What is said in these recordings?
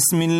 بسم الله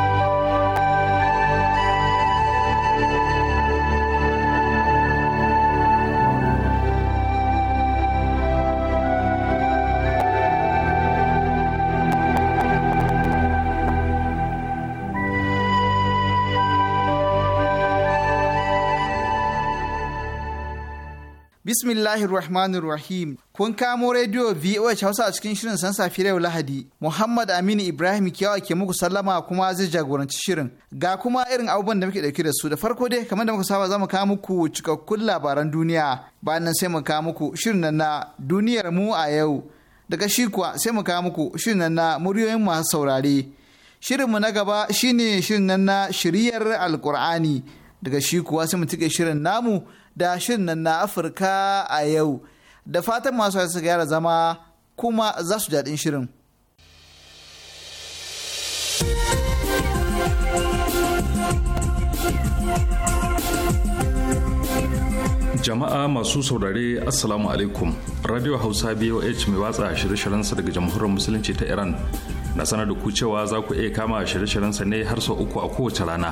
Bismillahirrahmanirrahim. Kun kamo rediyo VOH Hausa a cikin shirin san safi yau Lahadi. Muhammad Aminu Ibrahim Kiyawa ke muku sallama kuma zai jagoranci shirin. Ga kuma irin abubuwan da muke dauke da su da farko dai kamar da muka saba za kawo muku cikakkun labaran duniya. Bayan nan sai mu kawo muku shirin na duniyar mu a yau. Daga shi kuwa sai mu kawo muku shirin na muryoyin masu saurare. Shirinmu na gaba shine shirin na shiriyar Alkur'ani. Daga shi kuwa sai mu tike shirin namu da shirin nan na Afirka a yau. Da fatan masu su gyara zama kuma za su daɗin shirin. Jama'a masu saurare Assalamu alaikum. Radio Hausa BOH mai watsa shirye sa daga Jamhuriyar Musulunci ta Iran na sanar da ku cewa za ku iya kama shirye sa ne har sau uku a kowace rana.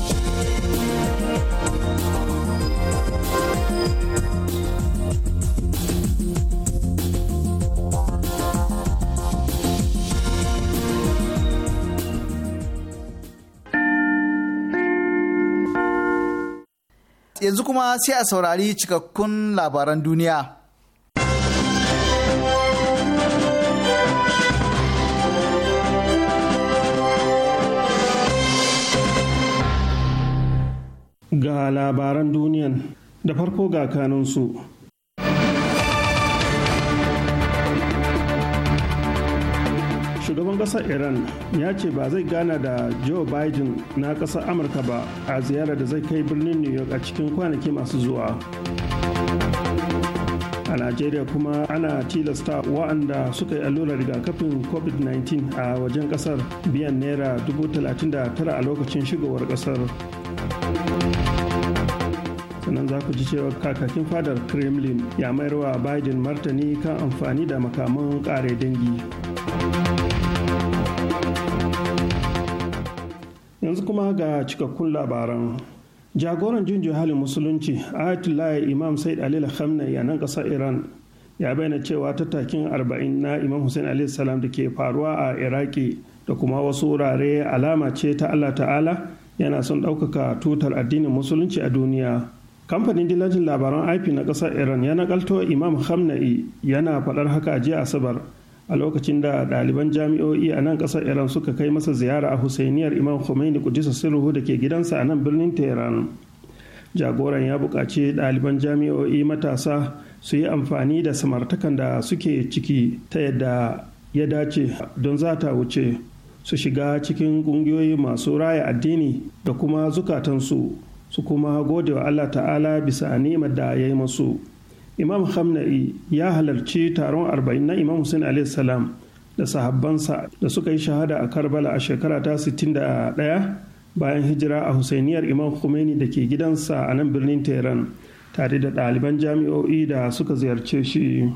yanzu kuma sai a saurari cikakkun labaran duniya. Ga labaran duniyan da farko ga kanunsu. shugaban ƙasar iran ya ce ba zai gana da joe biden na ƙasar amurka ba a ziyarar da zai kai birnin new york a cikin kwanaki masu zuwa a najeriya kuma ana tilasta wa'anda suka yi allurar rigakafin covid-19 a wajen kasar biyan naira 39 a lokacin shigowar kasar sannan za ku ji cewa kakakin fadar kremlin ya mayarwa biden martani kan amfani da makaman kare dangi. yanzu kuma ga cikakkun labaran jagoran jin halin musulunci ayatollah imam said ali khamnai a nan ƙasar iran ya bayyana cewa tattakin arba'in na imam hussein Ali salam da ke faruwa a iraki da kuma wasu wurare alama ce ta allah ta'ala yana son ɗaukaka tutar addinin musulunci a duniya kamfanin dillacin labaran ip na ƙasar iran ya nakalto imam hamna'i yana faɗar haka a jiya asabar a lokacin da ɗaliban jami'o'i a nan ƙasar iran suka kai masa ziyara a husainiyar imam khomeini kudisa sirruhu da ke gidansa a nan birnin tehran jagoran ya buƙaci ɗaliban jami'o'i matasa su yi amfani da samartakan da suke ciki ta yadda ya dace don za ta wuce su shiga cikin ƙungiyoyi masu raya addini da kuma zukatansu su kuma gode wa allah ta'ala bisa ni'imar da ya yi masu imam Hamna ya halarci taron arba'in na imam hussein salam da sahabbansa da suka yi shahada a karbala a shekara ta 61 bayan hijira a husainiyar imam khomeini da ke gidansa a nan birnin tehran tare da ɗaliban jami'o'i da suka ziyarce shi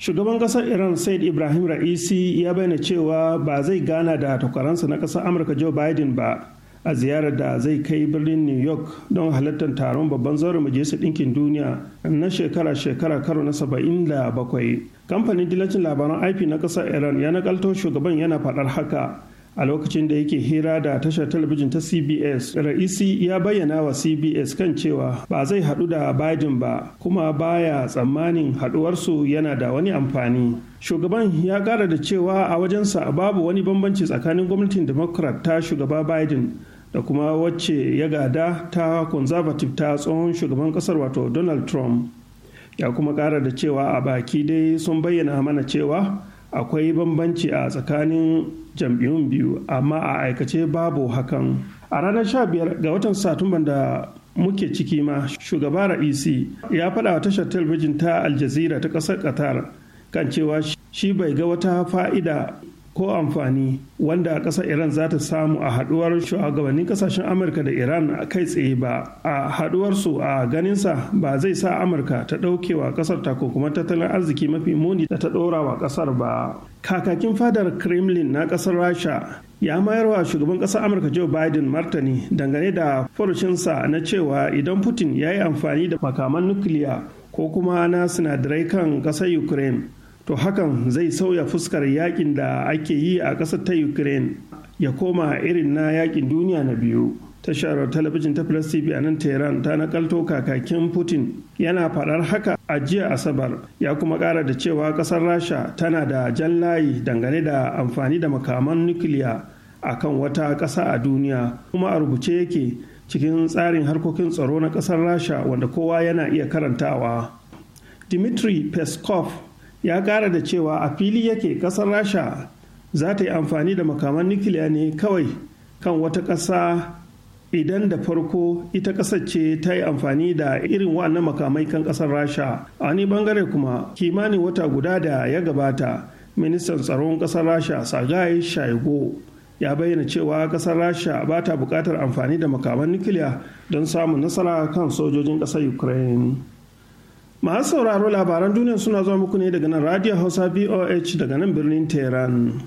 shugaban ƙasar iran said ibrahim ra'isi ya bayyana cewa ba zai gana da takwaransa na ƙasar amurka joe biden ba a ziyarar da zai kai birnin new york don halartar taron babban zaurin majalisar ɗinkin duniya na shekara-shekara karo na saba'in da bakwai kamfanin dillacin labaran ip na ƙasar iran ya nakalto shugaban yana faɗar haka a lokacin da yake hira da tashar talabijin ta cbs ra'isi ya bayyana wa cbs kan cewa ba zai haɗu da biden ba kuma baya tsammanin haɗuwarsu yana da wani amfani shugaban ya ƙara da cewa a wajensa babu wani bambanci tsakanin gwamnatin democrat ta shugaba biden da kuma wacce ya gada ta conservative ta tsohon shugaban kasar wato donald trump ya kuma kara da cewa a baki dai sun bayyana mana cewa akwai bambanci a tsakanin jam'iyyun biyu amma a aikace babu hakan a ranar 15 ga watan satumban da muke ciki ma shugaba ra'isi ya faɗa wa tashar talabijin ta aljazira ta ƙasar qatar kan cewa shi bai ga wata fa'ida ko amfani wanda a ƙasar iran za ta samu a haɗuwar shugabannin ƙasashen amurka da iran a kai tsaye ba a haɗuwarsu a ganinsa ba zai sa amurka ta ɗaukewa ƙasar kuma tattalin arziki mafi muni da ta ɗora wa ƙasar ba kakakin fadar kremlin na ƙasar rasha ya mayar wa shugaban ƙasar amurka joe biden martani dangane da furucinsa na cewa idan putin ya yi amfani da makaman nukiliya ko kuma na sinadarai kan ƙasar ukraine to hakan zai sauya fuskar yakin da ake yi a ƙasar ta ukraine ya koma irin na yakin duniya na biyu tashar talabijin ta plus tv a nan tehran ta nakalto kakakin putin yana faɗar haka a jiya asabar ya kuma ƙara da cewa ƙasar rasha tana da jan layi dangane da amfani da makaman nukiliya a kan wata ƙasa a duniya kuma a rubuce yake cikin tsarin harkokin tsaro na ƙasar rasha wanda kowa yana iya karantawa dimitri peskov ya ƙara da cewa a fili yake kasar rasha za ta yi amfani da makaman nukiliya ne kawai kan wata ƙasa idan da farko ita ƙasar ce ta yi amfani da irin wannan makamai kan ƙasar rasha a wani bangare kuma kimanin wata guda da ya gabata ministan tsaron ƙasar rasha sagai shaigo ya bayyana cewa kasar rasha ba ta bukatar amfani da makaman nukiliya don samun nasara kan sojojin kasar ukraine masu sauraro labaran duniya suna zuwa muku ne daga nan radio hausa boh daga nan birnin tehran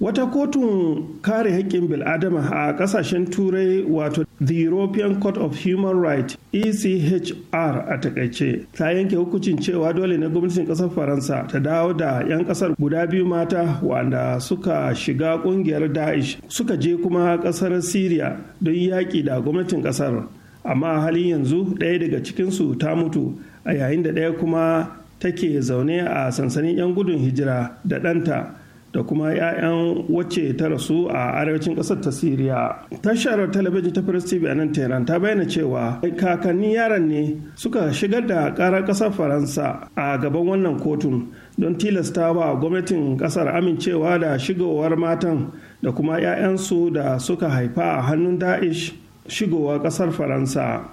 wata kotun kare haƙƙin bil'adama a ƙasashen turai wato the european court of human rights echr a takaice ta yanke hukuncin cewa dole na gwamnatin ƙasar faransa ta dawo da 'yan ƙasar guda biyu mata wanda suka shiga ƙungiyar daesh suka je kuma ƙasar syria don yaƙi da gwamnatin ƙasar amma halin yanzu ɗaya daga cikinsu ta mutu a yayin da ɗaya kuma take zaune a sansanin 'yan gudun hijira da ɗanta da kuma 'ya'yan wacce ta rasu a arewacin ƙasar ta siriya tashar talabijin ta press tv a nan tehran ta bayyana cewa kakannin yaran ne suka shigar da ƙarar ƙasar faransa a gaban wannan kotun don tilasta wa gwamnatin ƙasar amincewa da shigowar matan da kuma 'ya'yansu da suka haifa a hannun da'ish shigowa ƙasar faransa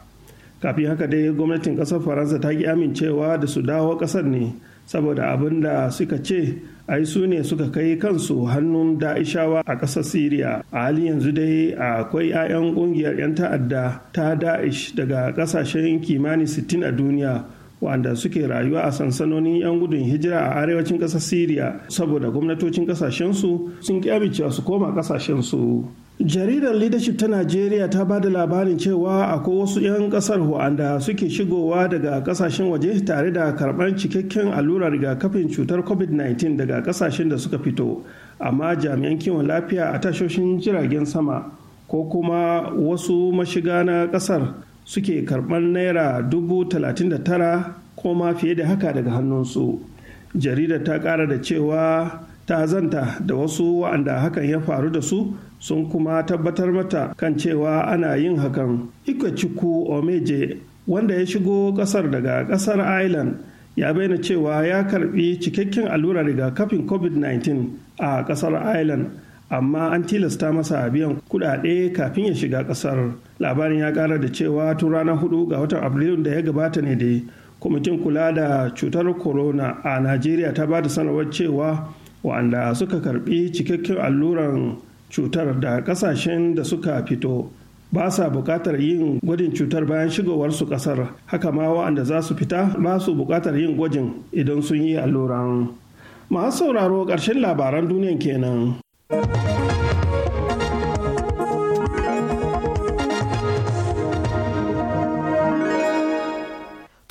kafin haka dai gwamnatin kasar faransa ta ki amincewa da su dawo kasar ne saboda abin da suka ce ai su ne suka kai kansu hannun da'ishawa a ƙasar syria a halin yanzu dai akwai 'ya'yan ƙungiyar 'yan ta'adda ta da'ish daga ƙasashen kimani 60 a duniya wanda suke rayuwa a sansanonin 'yan gudun hijira a arewacin ƙasar syria saboda gwamnatocin ƙasashensu sun ƙi su koma ƙasashensu jaridar leadership ta najeriya ta ba da labarin cewa akwai wasu 'yan kasar wanda suke shigowa daga kasashen waje tare da karɓar cikakken allurar rigakafin cutar covid-19 daga kasashen da suka fito amma jami'an kiwon lafiya a tashoshin jiragen sama ko kuma wasu mashiga na kasar suke karɓar naira dubu tara ko ma fiye da haka daga hannunsu jaridar ta ƙara da cewa ta zanta da wasu wa'anda hakan ya faru da su sun kuma tabbatar mata kan cewa ana yin hakan ikachiku omeje wanda ya shigo kasar daga kasar ireland ya bayyana cewa ya karbi cikakken allurar rigakafin covid-19 a kasar ireland amma an tilasta masa biyan kudade kafin ya shiga kasar labarin ya kara da cewa tun ranar hudu ga watan abrilun da ya gabata ne dai kwamitin kula da cutar corona a najeriya ta ba da sanarwar cewa wa'anda suka karbi cikakken alluran cutar da kasashen da suka fito ba sa buƙatar yin gwajin cutar bayan shigowarsu kasar haka ma wa'anda za su fita ba su buƙatar yin gwajin idan sun yi alluran masu sauraro ƙarshen labaran duniyan kenan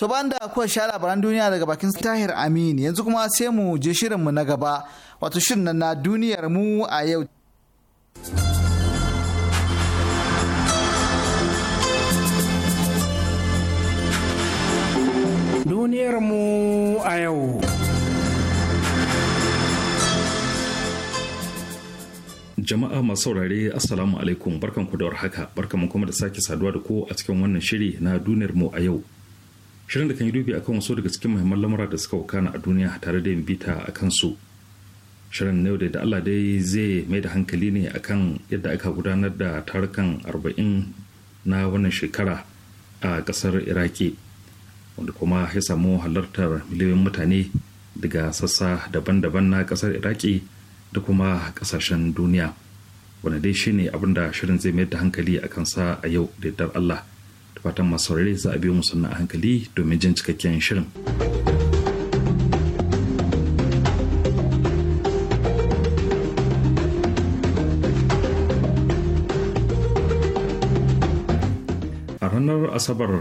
To ban da kuwa sha labaran duniya daga bakin Tahir Amin yanzu kuma sai mu je shirinmu na gaba wato shirin na duniyar mu a yau Duniyarmu a yau. Jama'a masu saurare Assalamu alaikum barkanku da warhaka barkanmu kuma da sake saduwa da ku a cikin wannan shiri na duniyar mu a yau. Shirin da kan yi dubi akan wasu daga cikin muhimman lamura da suka wakana a duniya tare da yin bita a kansu. shirin na da allah dai zai mai da hankali ne akan yadda aka gudanar da tarukan 40 na wannan shekara a kasar iraki wanda kuma ya samu halartar miliyoyin mutane daga sassa daban-daban na kasar iraki da kuma kasashen duniya wanda dai shine abin da shirin zai mai da hankali a kansa a yau da allah da fatan masu za a biyo musamman a hankali domin jin cikakken shirin. asabar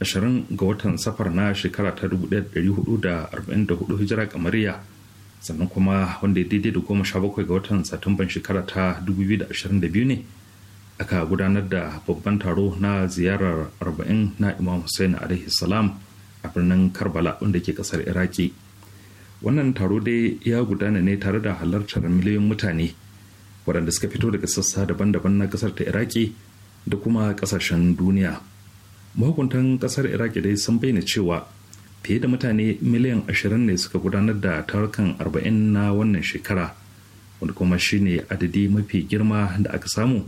20 ga watan safar na shekara ta 1444 hijira kamariya sannan kuma wanda ya daidai da goma sha bakwai ga watan satumban shekara ta 2022 ne aka gudanar da babban taro na ziyarar 40 na imam hussein alaihi salam a birnin karbala wanda ke kasar iraki wannan taro dai ya gudana ne tare da halartar miliyoyin mutane waɗanda suka fito daga sassa daban-daban na kasar ta iraki da kuma ƙasashen duniya mahukuntan kasar iraki dai sun bayyana cewa fiye da mutane miliyan ashirin ne suka gudanar da tarukan arba'in na wannan shekara wanda kuma shine adadi mafi girma da aka samu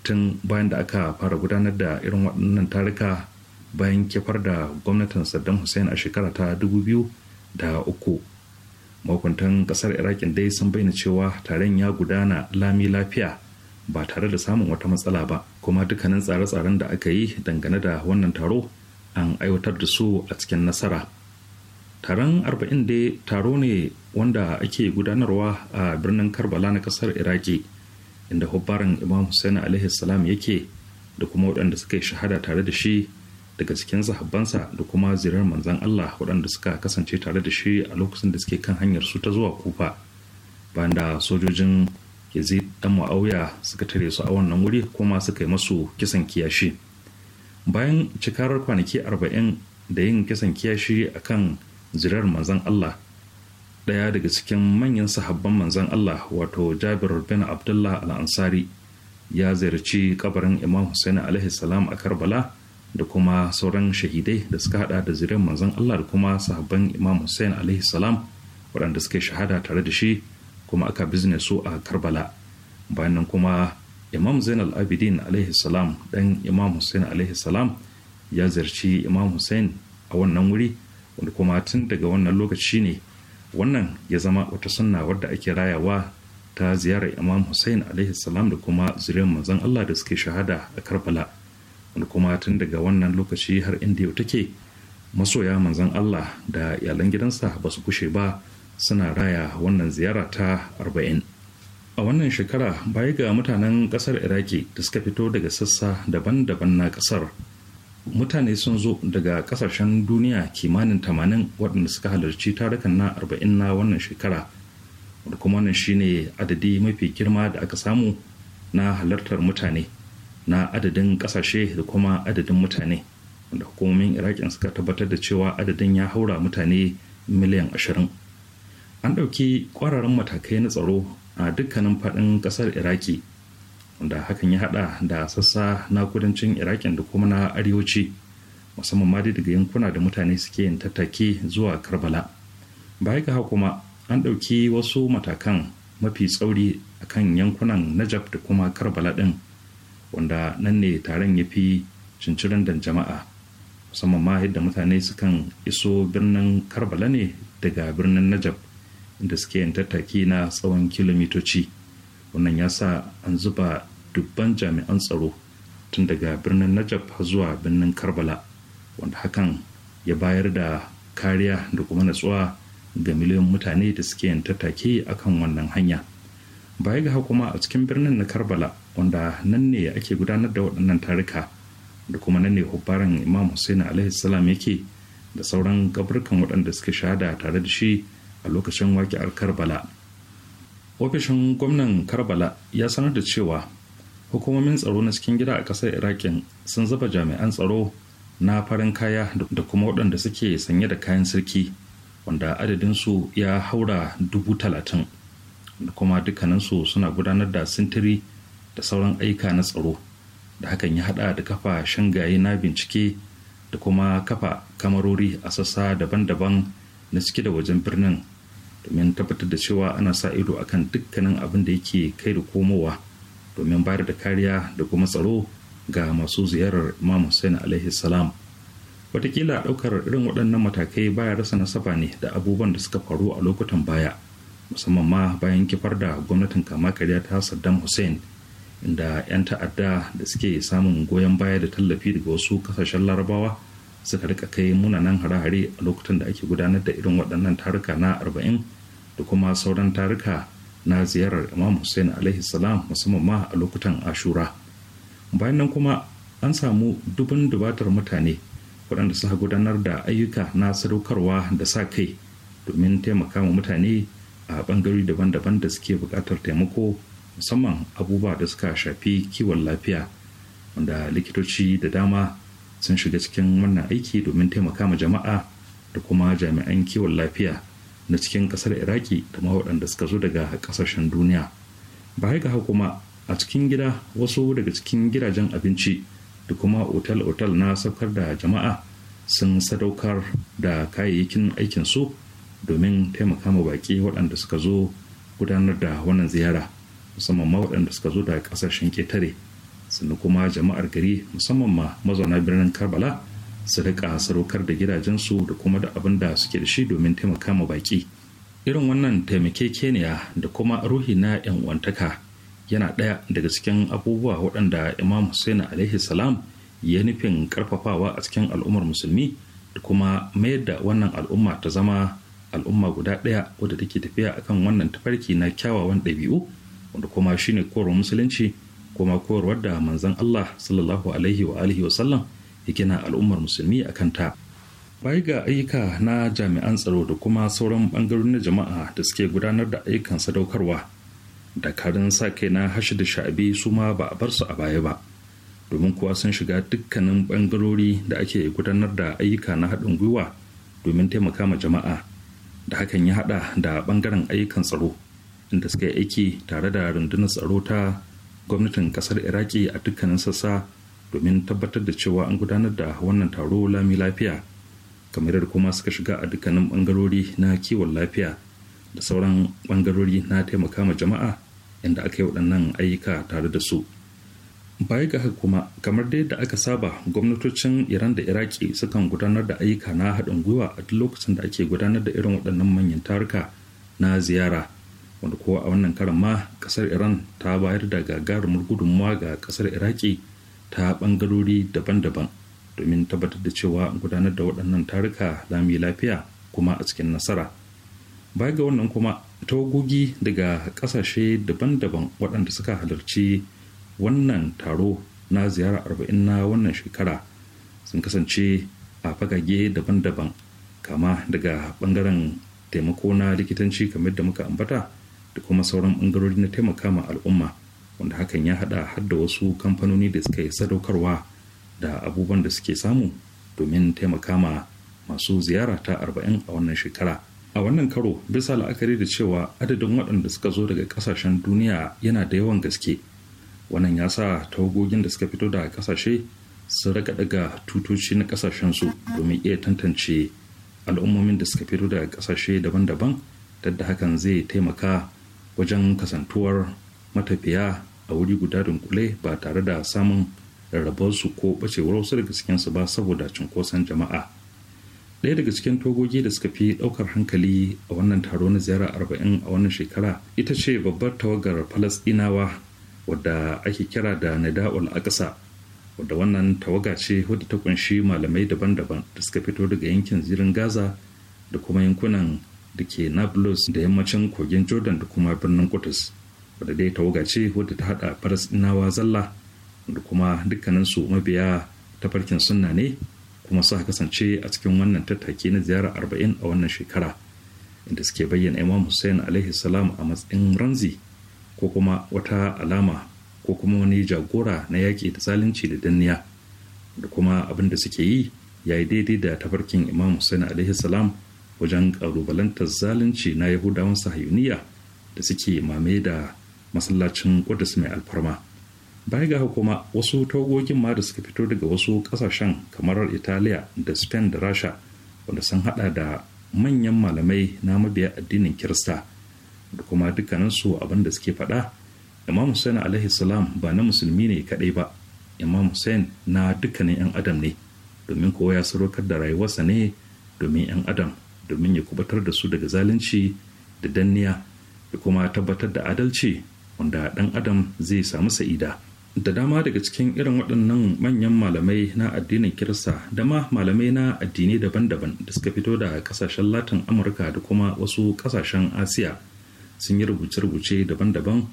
tun bayan da aka fara gudanar da irin waɗannan taruka bayan kefar da gwamnatin saddam hussein a shekara ta 2003 mahukuntan kasar iraki dai sun bayyana cewa taron ya gudana lami lafiya ba tare da samun wata matsala ba kuma dukkanin tsare-tsaren da aka yi dangane da wannan taro an aiwatar da su a cikin nasara taron arba'in dai taro ne wanda ake gudanarwa a birnin karbala na kasar iraki inda hubbaran imam hussein alaihi salam yake da kuma waɗanda suka yi shahada tare da shi daga cikin sahabbansa da kuma zirar manzan allah waɗanda suka kasance tare da shi a lokacin da suke kan hanyar su ta zuwa kufa bayan da sojojin yazi dan ma'auya suka tare su a wannan wuri kuma suka yi masu kisan kiyashi bayan cikarar kwanaki arba'in da yin kisan kiyashi a kan zirar manzan allah ɗaya daga cikin manyan sahabban manzan allah wato jabir bin abdullah al'ansari ya ziyarci kabarin imam hussaini alaihi salam a karbala da kuma sauran shahidai da suka hada da zirar manzan allah da kuma sahabban imam hussaini alaihi salam waɗanda suka shahada tare da shi kuma aka bizne su a karbala bayan nan kuma imam zainal abidin alaihi salam dan imam hussein alaihi salam ya ziyarci imam hussein a wannan wuri wanda kuma tun daga wannan lokaci ne wannan ya zama wata sunna wadda ake rayawa ta ziyarar imam hussein alaihi salam da kuma zuriyar manzon allah da suke shahada a karbala wanda kuma tun daga wannan lokaci har inda yau take masoya manzon allah da iyalan gidansa ba su kushe ba suna raya wannan ziyara ta 40 a wannan shekara baya ga mutanen kasar iraki da suka fito daga sassa daban-daban na kasar mutane sun zo daga kasashen duniya kimanin 80 waɗanda suka halarci tarukan na 40 na wannan shekara wadda kuma wannan shine adadi mafi girma da aka samu na halartar mutane na adadin kasashe da kuma adadin mutane wanda hukumomin iraki suka tabbatar da cewa adadin ya haura mutane miliyan ashirin an ɗauki ƙwararrun matakai na tsaro a dukkanin faɗin ƙasar iraki wanda hakan ya haɗa da sassa na kudancin iraƙin da kuma na arewaci musamman ma daga yankuna da mutane suke yin tattake zuwa karbala baya ga kuma an ɗauki wasu matakan mafi tsauri a kan yankunan najaf da kuma karbala ɗin wanda nan ne taron ya fi cincirin dan jama'a musamman ma yadda mutane sukan iso birnin karbala ne daga birnin najaf inda suke yin tattaki na tsawon kilomitoci wannan ya sa an zuba dubban jami'an tsaro tun daga birnin najaf zuwa birnin karbala wanda hakan ya bayar da kariya da kuma natsuwa ga miliyan mutane da suke yin tattaki akan wannan hanya baya ga kuma a cikin birnin na karbala wanda nan ne ake gudanar da waɗannan tarika da kuma nan ne hubbaran imam hussein alaihi salam yake da sauran gaburkan waɗanda suke shahada tare da shi a lokacin waƙi'ar karbala ofishin gwamnan karbala ya sanar da cewa hukumomin tsaro na cikin gida a ƙasar iraƙin sun zuba jami'an tsaro na farin kaya da kuma waɗanda suke sanye da kayan sarki wanda adadinsu ya haura dubu talatin da kuma dukkaninsu suna gudanar da sintiri da sauran aika na tsaro da hakan ya hada da kafa shangaye na bincike da kuma kafa kamarori a sassa daban-daban na cike da wajen birnin domin tabbatar da cewa ana sa ido a kan dukkanin abin da yake kai da komowa domin bayar da kariya da kuma tsaro ga masu ziyarar imam hussein alaihi salam watakila ɗaukar irin waɗannan matakai baya rasa nasaba ne da abubuwan da suka faru a lokutan baya musamman ma bayan kifar da gwamnatin kama karya ta saddam hussein inda 'yan ta'adda da suke samun goyon baya da tallafi daga wasu kasashen larabawa suka rika kai munanan hare-hare a lokutan da ake gudanar da irin waɗannan taruka na arba'in da kuma sauran tarika na ziyarar imam hussein alaihi salam musamman ma a lokutan ashura bayan nan kuma an samu dubin dubatar mutane waɗanda suka gudanar da ayyuka na sadaukarwa da sa kai domin taimaka wa mutane a ɓangare daban-daban da suke buƙatar taimako musamman abubuwa da suka shafi kiwon lafiya wanda likitoci da dama sun shiga cikin wannan aiki domin taimaka ma jama'a da kuma jami'an kiwon lafiya na cikin kasar iraki da ma waɗanda suka zo daga ƙasashen duniya ba ga kuma a cikin gida wasu daga cikin gidajen abinci da kuma otal-otal na saukar da jama'a sun sadaukar da kayayyakin aikinsu domin taimaka ma baƙi waɗanda suka zo gudanar da wannan ziyara musamman ma waɗanda suka zo da ƙasashen ƙetare sannan kuma jama'ar gari musamman ma mazauna birnin karbala su rika sarokar da gidajensu da kuma da abin da suke da shi domin taimaka ma baki irin wannan taimakekeniya da kuma ruhi na yan uwantaka yana ɗaya daga cikin abubuwa waɗanda imam hussein alaihi salam ya nufin karfafawa a cikin al'ummar musulmi da kuma mayar da wannan al'umma ta zama al'umma guda ɗaya wadda take tafiya akan wannan tafarki na kyawawan ɗabi'u wanda kuma shine korar musulunci kuma koyarwar da manzon Allah sallallahu alaihi wa alihi wa sallam yake gina al'ummar musulmi a kanta baya ga ayyuka na jami'an tsaro da kuma sauran bangarori na jama'a da suke gudanar da ayyukan sadaukarwa dakarun sa kai na hashi da sha'abi su ma ba a bar su a baya ba domin kuwa sun shiga dukkanin bangarori da ake gudanar da ayyuka na haɗin gwiwa domin taimaka ma jama'a da hakan ya haɗa da bangaren ayyukan tsaro inda suka yi aiki tare da rundunar tsaro ta gwamnatin kasar iraki a dukkanin sassa domin tabbatar da cewa an gudanar da wannan taro lami lafiya kamar da kuma suka shiga a dukkanin bangarori na kiwon lafiya da sauran bangarori na taimaka ma jama'a inda aka yi waɗannan ayyuka tare da su baya ga haka kuma kamar dai da aka saba gwamnatocin iran da iraki sukan gudanar da ayyuka na haɗin gwiwa a duk lokacin da ake gudanar da irin waɗannan manyan taruka na ziyara wanda kowa a wannan karan ma ƙasar iran ta bayar da gagarumar gudunmawa ga ƙasar iraki ta ɓangarori daban-daban domin tabbatar da cewa gudanar da waɗannan taruka lami lafiya kuma a cikin nasara baya ga wannan kuma tawagogi daga ƙasashe daban-daban waɗanda suka halarci wannan taro na ziyara arba'in na wannan shekara sun kasance a fagage daban-daban kama daga ɓangaren taimako na likitanci kamar da muka ambata da kuma sauran ɓangarori na taimaka ma al'umma wanda hakan ya hada har da wasu kamfanoni da suka yi sadaukarwa da abubuwan da suke samu domin taimaka ma masu ziyara ta arba'in a wannan shekara a wannan karo bisa la'akari da cewa adadin waɗanda suka zo daga ƙasashen duniya yana da yawan gaske wannan ya sa tawagogin da suka fito daga ƙasashe sun raka daga tutoci na su domin iya tantance al'ummomin da suka fito daga ƙasashe daban-daban da hakan zai taimaka wajen kasantuwar matafiya a wuri guda dunkule ba tare da samun rarrabarsu ko bacewar wasu daga cikinsu ba saboda cunkoson jama'a ɗaya daga cikin togogi da suka fi ɗaukar hankali a wannan taro na ziyara arba'in a wannan shekara ita ce babbar tawagar falasɗinawa wadda ake kira da nada'ul akasa wadda wannan tawaga ce wadda ta kunshi malamai daban-daban da suka fito daga yankin zirin gaza da kuma yankunan da ke nablus da yammacin kogin jordan da kuma birnin kudus wadda dai tawaga ce wadda ta haɗa nawa zalla da kuma dukkaninsu mabiya tafarkin sunna ne kuma su kasance a cikin wannan tattaki na ziyara arba'in a wannan shekara inda suke bayyana imam hussein alaihi salam a matsayin ranzi ko kuma wata alama ko kuma wani jagora na yaƙi da zalunci da danniya da kuma abin da suke yi ya yi daidai da tafarkin imam hussein alaihi salam wajen ƙalubalantar zalunci na yahudawan sahiyuniya da suke mame da masallacin kudus mai alfarma bai ga kuma wasu togogin ma da suka fito daga wasu kasashen kamar italiya da spain da rasha wanda sun hada da manyan malamai na mabiya addinin kirista da kuma dukkaninsu abin da suke faɗa imam hussein alaihi salam ba na musulmi ne kadai ba imam hussein na dukkanin 'yan adam ne domin kowa ya sadaukar da rayuwarsa ne domin 'yan adam domin ya kubatar da su daga zalunci da danniya da kuma tabbatar da adalci wanda ɗan adam zai samu sa'ida da dama daga cikin irin waɗannan manyan malamai na addinin kirista da ma malamai na addinai daban-daban da suka fito da ƙasashen latin amurka da kuma wasu ƙasashen asiya sun yi rubuce-rubuce daban-daban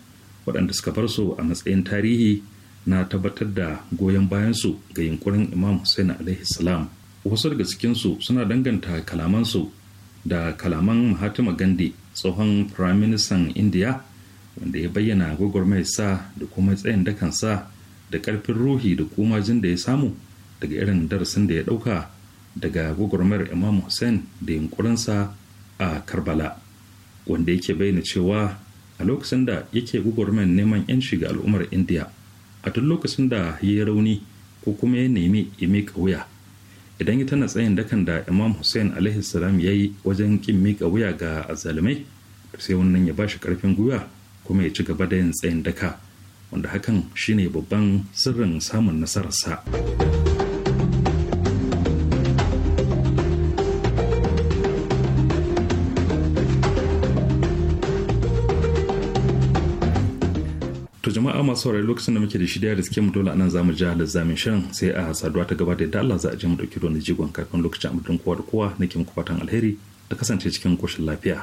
waɗanda suka bar su a matsayin tarihi na tabbatar da goyon bayansu ga yunkurin imam hussein alaihi salam wasu daga cikinsu suna danganta kalamansu da kalaman mahatma gandhi tsohon firaministan indiya wanda ya bayyana gwagwarmayar sa da kuma tsayin dakan sa da karfin ruhi da jin da ya samu daga irin darasin da ya dauka daga gwagwarmayar imam hussein da yunkurinsa a karbala wanda yake bayyana cewa a lokacin da yake gwagwarmayar neman 'yanci ga al'ummar indiya a tun lokacin da ya yi rauni ko kuma ya nemi ya miƙa wuya idan ya tana tsayin dakan da imam hussein alaihi salam ya yi wajen kin miƙa wuya ga azzalumai sai wannan ya bashi karfin gwiwa kuma ya ci gaba da yin tsayin daka wanda hakan shine babban sirrin samun nasararsa. To jama'a masu saurari lokacin da muke da shirya da suke dole anan zamu ji da zamin shirin sai a saduwa ta gaba da yadda Allah za a je mu dauki don jigon kafin lokacin abudin kowa da kowa nake muku fatan alheri da kasance cikin koshin lafiya.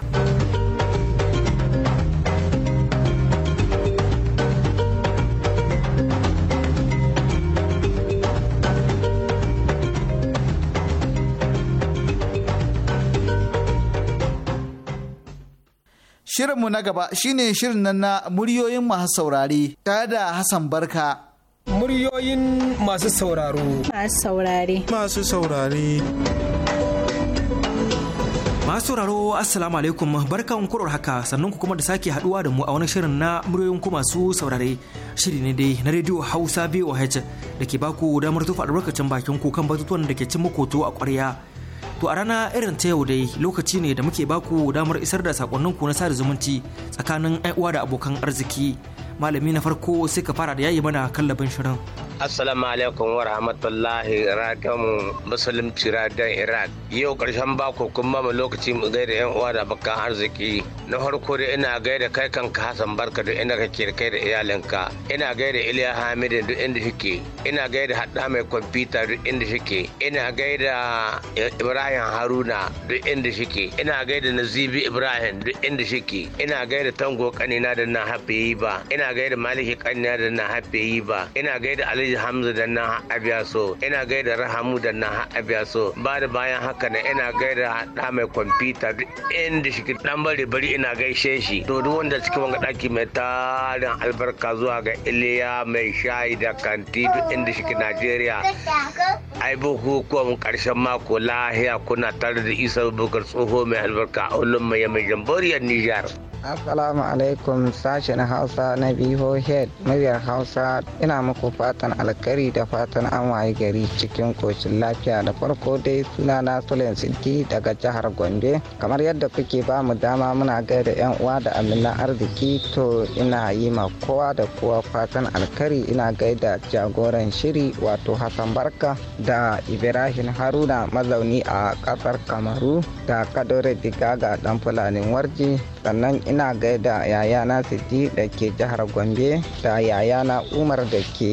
Shirinmu na gaba shine shirin nan na muryoyin masu saurare tare da Hassan Barka. Muryoyin masu sauraro. Masu saurare. Masu saurare. Masu sauraro Assalamu alaikum barkan kurar haka sannan ku kuma da sake haduwa da mu a wani shirin na muryoyin ku masu saurare shiri ne dai na rediyo Hausa BOH da ke baku damar tufa albarkacin bakin ku kan batutuwan da ke cin makoto a kwarya. To a rana irin ta yau dai lokaci ne da muke baku damar isar da sakonninku na sada zumunci tsakanin uwa da abokan arziki. Malami na farko sai ka fara da yayi mana kallabin shirin. assalamu alaikum wa rahmatullahi rakamu musulunci radon iraq yau karshen bako kun mu lokaci mu gaida yan uwa da bakan arziki na farko da ina gaida kai kanka Hassan barka duk inda kake kai da iyalinka ina gaida iliya hamidin duk inda shike ina gaida hadda mai kwamfuta duk inda shike ina gaida ibrahim haruna duk inda shike ina gaida nazibi ibrahim duk inda shike ina gaida tango kanina da na hafe yi ba ina gaida maliki kanina da na hafe yi ba ina gaida ali alhaji hamza da na abiya so ina gaida rahamu da na abiya so ba da bayan haka na ina gaida da mai kwamfuta duk inda shi dan bari bari ina gaishe shi to duk wanda cikin wanga daki mai tarin albarka zuwa ga iliya mai shayi da kanti duk inda shi najeriya ai bukukuwan karshen mako lahiya kuna tare da isa bukar tsoho mai albarka a ulun mai yamai jamboriyar nijar Assalamu alaikum sashen Hausa na Head muryar Hausa ina muku fatan alkari da fatan an waye gari cikin koshin lafiya da farko dai suna na Sulen Siddi daga jihar Gombe kamar yadda kuke ba mu dama muna gaida yan uwa da amina arziki to ina yi ma kowa da kowa fatan alkari ina gaida jagoran shiri wato Hassan Barka da Ibrahim Haruna mazauni a kasar Kamaru da Kadore Bigaga dan Fulanin Warji sannan ina gaida yayana sidi da ke jihar Gombe da yayana Umar da ke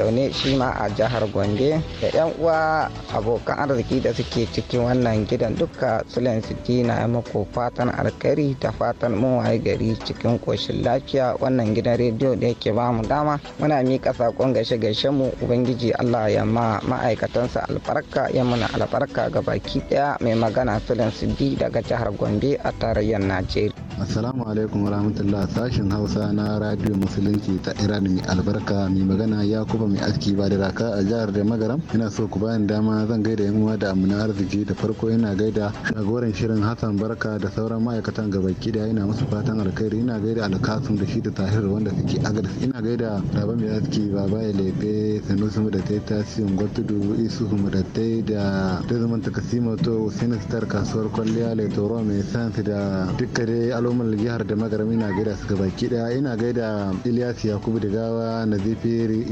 zaune shi ma a jihar Gombe da yan uwa abokan arziki da suke cikin wannan gidan duka Sulen sidi na mako fatan alkari da fatan mun gari cikin koshin lafiya wannan gidan rediyo da yake ba mu dama muna miƙa saƙon gaishe gashe mu ubangiji Allah ya ma ma'aikatansa albarka ya muna albarka ga baki ɗaya mai magana Sulen sidi daga jihar Gombe a tarayyar Najeriya. alkhairi assalamu alaikum rahmatullah. sashin hausa na radio musulunci ta iran mai albarka mai magana ya kuma mai aski ba da raka a jihar da magaram ina so ku bayan dama zan gaida yan uwa da amina arziki da farko ina gaida shagoran shirin hassan barka da sauran ma'aikatan gabaki da ina musu fatan alkhairi ina gaida alkasum da shi da tahir wanda suke agadis ina gaida raba mai aski baba ya lefe sanusi mu da ta tasiyon gwatudu Isu mu da ta da ta zamanta kasimo to kasuwar kwalliya laitoro mai sansi da dukkan dai alomar jihar da magarami na gaida su baki daya ina gaida ilyas yakubu da gawa na zifiri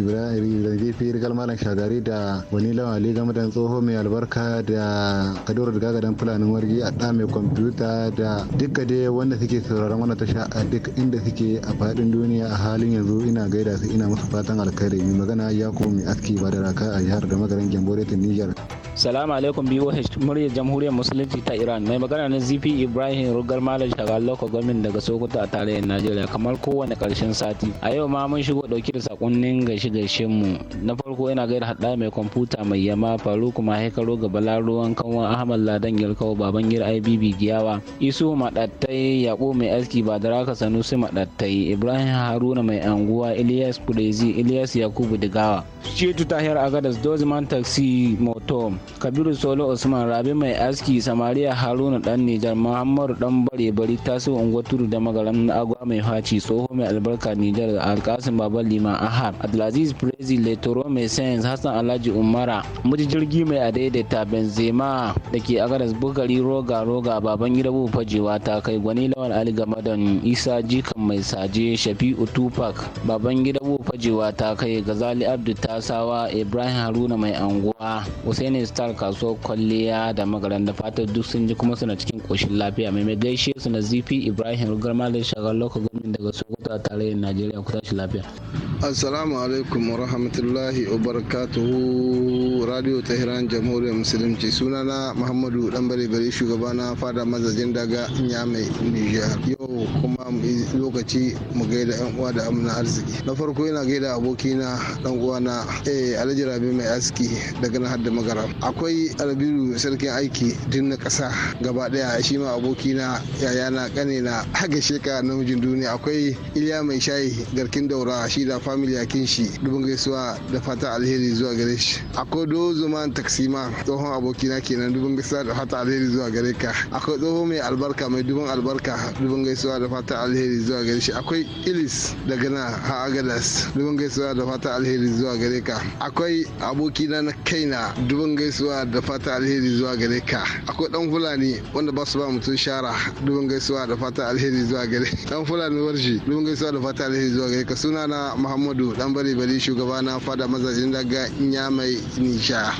shagari da wani lawali game da tsoho mai albarka da kadoro da gagadan fulanin wargi a da mai kwamfuta da duka da wanda suke sauraron wannan tasha a duk inda suke a faɗin duniya a halin yanzu ina gaida su ina musu fatan alkhairi mai magana yakubu mai aski ba da raka a jihar da magaran gyambore ta niger Salamu alaikum BOH muryar jamhuriyar musulunci ta Iran mai magana na ZP Ibrahim Rugar Malam daga Loko Gomin daga Sokoto a tarayyar Najeriya kamar kowane karshen sati. A yau ma mun shigo ɗauki da sakonnin gaishe gaishe mu. Na farko yana gaida hada mai kwamfuta mai yama faru kuma haikaro ga balaruwan kanwa Ahmad Ladan Girkau baban gir IBB Giyawa. Isu madattai Yabo mai aski ba da raka Sanusi madattai Ibrahim Haruna mai anguwa Ilyas Kurezi Ilyas Yakubu Digawa. Shetu Tahir Agadas Doziman Taxi Motom kabiru solo usman rabi mai aski samariya haruna dan nijar muhammadu dan bare bari taso unguwa tudu da magaran na agwa mai faci tsoho mai albarka nijar alkasim baba liman Ahad, abdulaziz prezi letoro mai sayans hassan alhaji umara muji jirgi mai adaidaita benzema da ke agadas bukari roga roga baban gida fajewa ta kai gwani lawan ali gamadan isa jikan mai saje shafi'u tupac baban gidabu fajewa ta kai gazali abdu tasawa ibrahim haruna mai anguwa usaini star kasuwar kwalliya da magaran da fatar duk sun ji kuma suna cikin koshin lafiya mai mai gaishe su na zifi ibrahim rugarma da shagar lokacin gwamnati daga sokoto a tarayyar najeriya ku tashi lafiya assalamu alaikum wa rahmatullahi wa barakatuhu radio tehran jamhuriyar musulunci sunana muhammadu dan bare bare shugaba na fada mazajin daga mai niger yau kuma lokaci mu gaida yan uwa da amna arziki na farko yana gaida abokina dan uwa na eh, alhaji rabi mai aski daga na hadda magaram akwai albiru sarkin aiki tun na ƙasa gaba ɗaya shi ma abokina yayana ƙane na haga sheka namijin duniya akwai iliya mai shayi garkin daura shi da family yakin shi dubin gaisuwa da fata alheri zuwa gare shi akwai dozuman taksima tsohon abokina kenan dubin gaisuwa da fata alheri zuwa gare ka akwai tsoho mai albarka mai dubin albarka dubin gaisuwa da fata alheri zuwa gare shi akwai ilis daga na ha agadas dubin gaisuwa da fata alheri zuwa gare ka akwai abokina na kaina dubin gaisuwa gaisuwa da fata alheri zuwa gare ka akwai dan fulani wanda ba su ba mutum shara dubin gaisuwa da fata alheri zuwa gare dan fulani warji dubin gaisuwa da fata alheri zuwa gare ka sunana muhammadu dan bari bari shugaba na fada mazajin daga nyamai nisha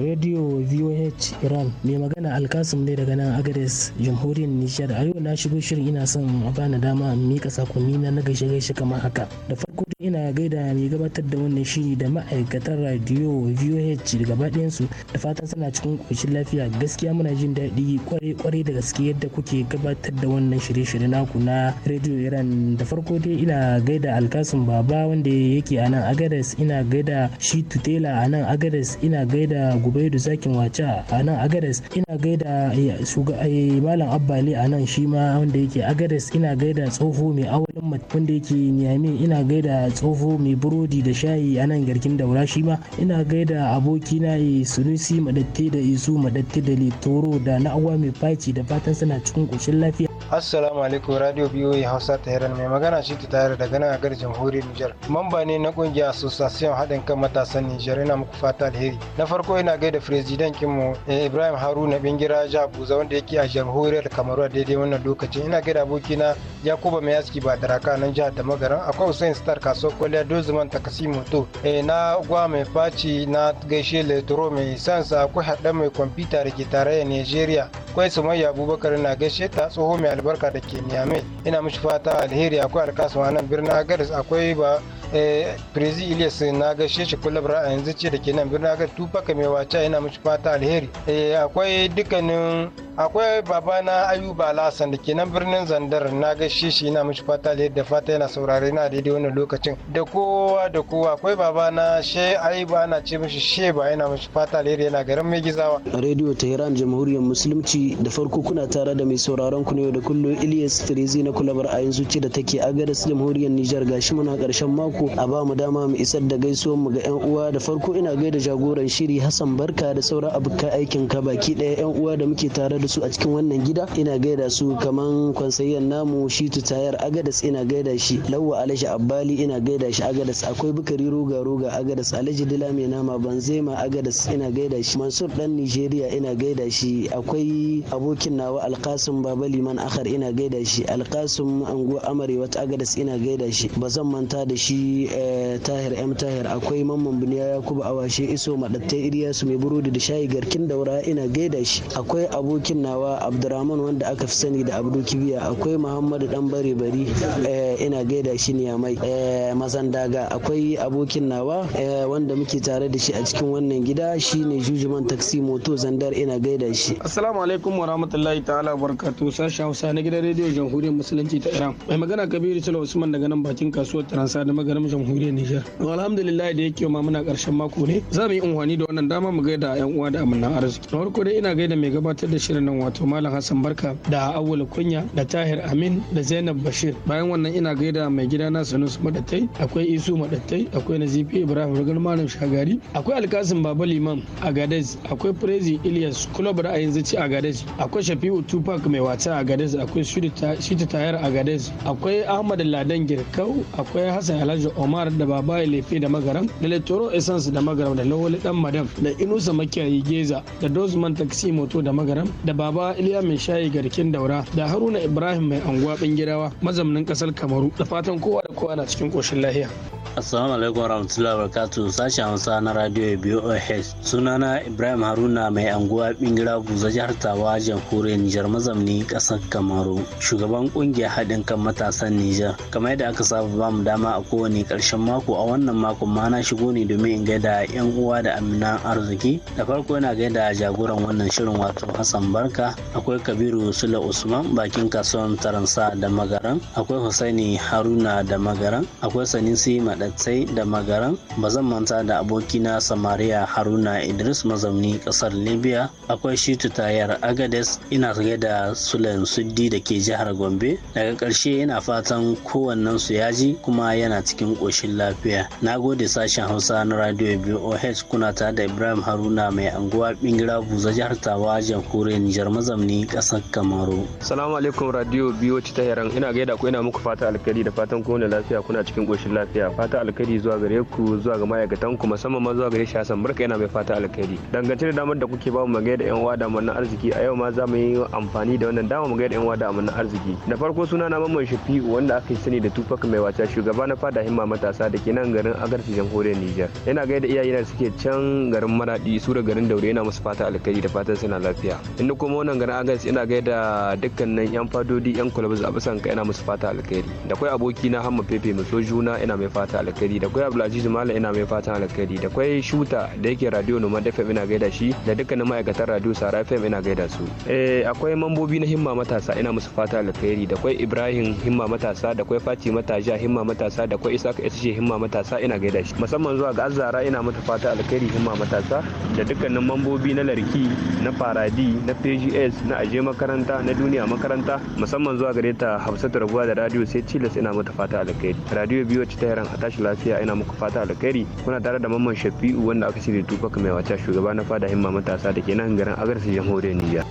radio voh iran mai magana alkasim ne daga nan agades jamhuriyar nijar a yau na shigo shirin ina son a bani dama in mika sakonni na gaishe gaishe kamar haka da farko ina gaida mai gabatar da wannan shiri da ma'aikatan radio voh gaba ɗayansu da fatan suna cikin ƙoshin lafiya gaskiya muna jin daɗi kwarai-kwarai da gaske yadda kuke gabatar da wannan shirye-shirye naku na radio iran da farko dai ina gaida alkasim baba wanda yake a nan Agades ina gaida shi tutela a nan Agades ina gaida gubaidu zakin wace a nan agares ina gaida eh, eh, malam abbali a nan shi ma wanda yake agares ina gaida tsoho mai awalin wanda yake niyami ina gaida tsoho mai burodi da shayi a nan garkin daura shi ma ina gaida abokina eh, sunusi madatte da isu madatte da litoro da na'awa mai faci da fatan suna cikin ƙoshin lafiya assalamu alaikum radio biyoyi hausa ta heran mai magana shi ta tare daga nan agar jamhuriyar nijar mamba ne na kungiyar association haɗin kan matasan nijar ina muku fata alheri na farko ina ina gaida firizidan kinmu eh, ibrahim haruna bingira jabuza wanda yake a jamhuriyar kamaru a daidai wannan lokacin ina gaida abokina yakuba mai aski ba daraka nan jihar da magaran akwai usain star kasuwar kwaliya dozuman takasi moto eh, na gwa mai faci na gaishe letro mai sansa akwai haɗa mai kwamfuta da ke tarayyar nigeria akwai sumayya abubakar na gaishe ta tsoho mai albarka da ke niyamai ina mishi fata alheri akwai alkasuwa nan birnin agaris akwai ba eh, prezi ilyas na gaishe shi kullum a yanzu ce da ke nan birnin agaris tufaka mai wace ina mishi fata alheri eh, akwai dukkanin akwai babana ayuba lasan da ke nan birnin zandar na ga shi ina mishi fata da yadda fata yana saurare na daidai wannan lokacin da kowa da kowa akwai babana she ayuba ana ce mishi she ba yana mishi fata da yana garin mai gizawa radio tehran jamhuriyar musulunci da farko kuna tare da mai sauraron ku ne da kullum ilyas firizi na kulabar a yanzu ce da take agadas jamhuriyar nijar gashi muna karshen mako a ba mu dama mu isar da gaisuwar mu ga yan uwa da farko ina gaida jagoran shiri hassan barka da sauran abokan aikin ka baki daya yan uwa da muke tare da su a cikin wannan gida ina gaida su kaman kwansayyan namu shitu tayar agadas ina gaida shi lawa alashi abbali ina gaida shi agadas akwai bukari roga roga agadas alaji dila mai nama banzema agadas ina gaida shi mansur dan nigeria ina gaida shi akwai abokin nawa alkasim baba liman akhar ina gaida shi alkasim anguwa amare wata agadas ina gaida shi ba zan manta da shi eh, tahir m tahir akwai mamman buniya yakubu awashe iso madattai iriyasu mai burodi da shayi garkin daura ina gaida shi akwai abokin abokin nawa abdurrahman wanda aka fi sani da abdu kibiya akwai muhammadu dan bari bari eh, ina gaida shi ne mai eh, mazandaga akwai abokin nawa eh, wanda muke tare da shi a cikin wannan gida shine jujuman taksi moto zandar ina gaida shi assalamu alaikum wa rahmatullahi ta'ala barkatu sashen hausa na gidan rediyo jamhuriyar musulunci ta iran mai magana kabiru sula usman daga nan bakin kasuwar taransa da maganin jamhuriyar nijar alhamdulillah da yake ma muna karshen mako ne za mu yi unhwani da wannan dama mu gaida yan uwa da amannan arziki na farko dai ina gaida mai gabatar da shirin nan wato malam hassan barka da awul kunya da tahir amin da zainab bashir bayan wannan ina gaida mai gida na sanusu madattai akwai isu madattai akwai nazifi ibrahim rigar malam shagari akwai alkasim baba liman a Gades akwai prezi ilias kulob da yanzu ci a Gades akwai shafi'u tupac mai wata a Gades akwai shita tayar a Gades akwai ahmad ladan girkau akwai hassan alhaji omar da baba lefe da magaram da letoro essence da magaram da lawali dan madam da inusa makiyayi geza da dozman taxi moto da magaram da baba Iliya mai shayi garkin daura da Haruna Ibrahim mai anguwa bingirawa mazamnin kasar Kamaru da fatan kowa da kowa na cikin koshin lahiya. Assalamu alaikum warahmatullahi wabarakatuh sashen Hausa na radio BOH sunana Ibrahim Haruna mai anguwa bingira buza jihar Tawa jamhuriyar Nijar mazamni kasar Kamaru shugaban kungiyar haɗin kan matasan Nijar kamar yadda aka saba ba mu dama a kowane ƙarshen mako a wannan makon ma na shigo ne domin in gaida yan uwa da aminan arziki da farko yana gaida jagoran wannan shirin wato Hassan Bar barka akwai kabiru sula usman bakin kasuwan taransa da magaran akwai husaini haruna da magaran akwai sanisi madatsai da magaran ba zan manta da abokina samaria haruna idris mazauni kasar libya akwai shitu tayar agades ina rage da sulan suddi da ke jihar gombe daga karshe ina fatan kowannen su yaji kuma yana cikin koshin lafiya na gode sashen hausa na radio boh kuna tare da ibrahim haruna mai anguwa bingira buza jihar tawa jamhuriyar Niger mazamni ƙasar Kamaru. Salamu alaikum radio biyo ta Heran ina gaida ku ina muku fata alkhairi da fatan ku lafiya kuna cikin ƙoshin lafiya fata alkhairi zuwa gare ku zuwa ga ma'aikatan ku musamman ma zuwa gare shi Hassan Barka yana mai fata alkhairi. Dangance da damar da kuke ba mu gaida yan wada da arziki a yau ma za mu yi amfani da wannan dama mu gaida yan wada da arziki. Da farko suna na Mamman Shafi'u wanda aka sani da Tupac mai wata shugaba na fada himma matasa da ke nan garin Agarci jamhuriyar Nijar. Ina gaida iyayena suke can garin Maradi su da garin Daure ina musu fata alkhairi da fatan suna lafiya. Inda kuma wannan garin agas ina gaida dukkanin yan fadodi yan kulubus a bisan ka ina musu fata alkhairi da kai aboki na hamma pepe mu so juna ina mai fata alkhairi da kai abdulaziz malam ina mai fata alkhairi da kai shuta da yake radio noma da fm ina gaida shi da dukkanin ma'aikatan radio sara fm ina gaida su eh akwai mambobi na himma matasa ina musu fata alkhairi da kai ibrahim himma matasa da kai fati mataja himma matasa da kai isaka ishe himma matasa ina gaida shi musamman zuwa ga azara ina mata fata alkhairi himma matasa da dukkanin mambobi na larki na faradi na pgs na aje makaranta na duniya makaranta musamman zuwa gare ta hafsatu rabuwa da radio sai tilas ina mata fata alkhairi radio biyu wacce ta yaran a tashi lafiya ina muku fata alkhairi kuna tare da mamman shafi'u wanda aka shirya tufaka mai wata shugaba na fada himma matasa da ke nan garin agarsu jamhuriyar nijar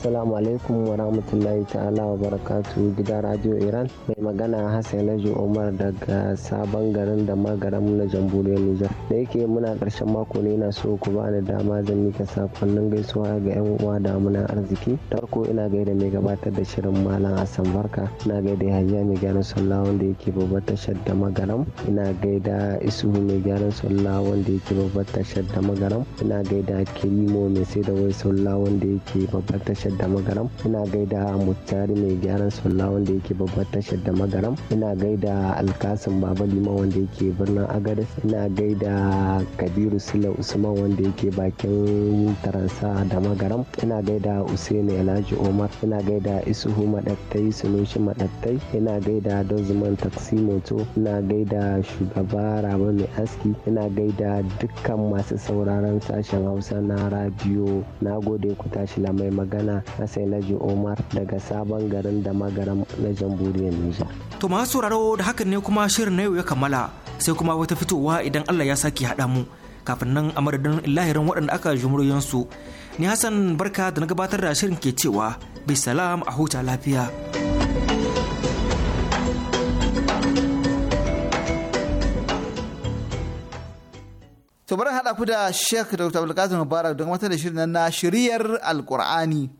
Assalamu alaikum wa rahmatullahi ta'ala wa barakatu gida Radio Iran. Mai magana Hassan Laji Umar daga sabon garin da magaran na jamhuriyar Nijar. Da yake muna karshen mako ne na so ku ba ni dama zan mika sakonnin gaisuwa ga 'yan uwa da muna arziki. Tarko ina gaida mai gabatar da shirin Malam Hassan Barka. Ina gaida Hajiya mai gyaran sallah wanda yake babbar tashar da magaram. Ina gaida Isuhu mai gyaran sallah wanda yake babbar tashar da magaram. Ina gaida Kirimo mai sai da wai sallah wanda yake babbar tashar tashar da magaram ina gaida mutari mai gyaran sulla wanda yake babbar tashar da magaram ina gaida alkasin baba liman wanda yake birnin agadis ina gaida kabiru sila usman wanda yake bakin taransa da magaram ina gaida usaini alhaji omar ina gaida isuhu madattai sunushi madattai ina gaida dozman taksi moto ina gaida shugaba raba mai aski ina gaida dukkan masu sauraron sashen hausa na radio na gode ku tashi la mai magana na Sailaji Omar daga sabon garin da magaram na jamhuriyar Nijar. To masu sauraro da hakan ne kuma shirin na yau ya kammala sai kuma wata fitowa idan Allah ya saki haɗa mu kafin nan a madadin lahirin waɗanda aka jumuriyansu. Ni Hassan Barka da na gabatar da shirin ke cewa bai salam a huta lafiya. to bari haɗa ku da Sheikh Dr. Abdulkazim Mubarak don wata da shirin na shiriyar alkur'ani.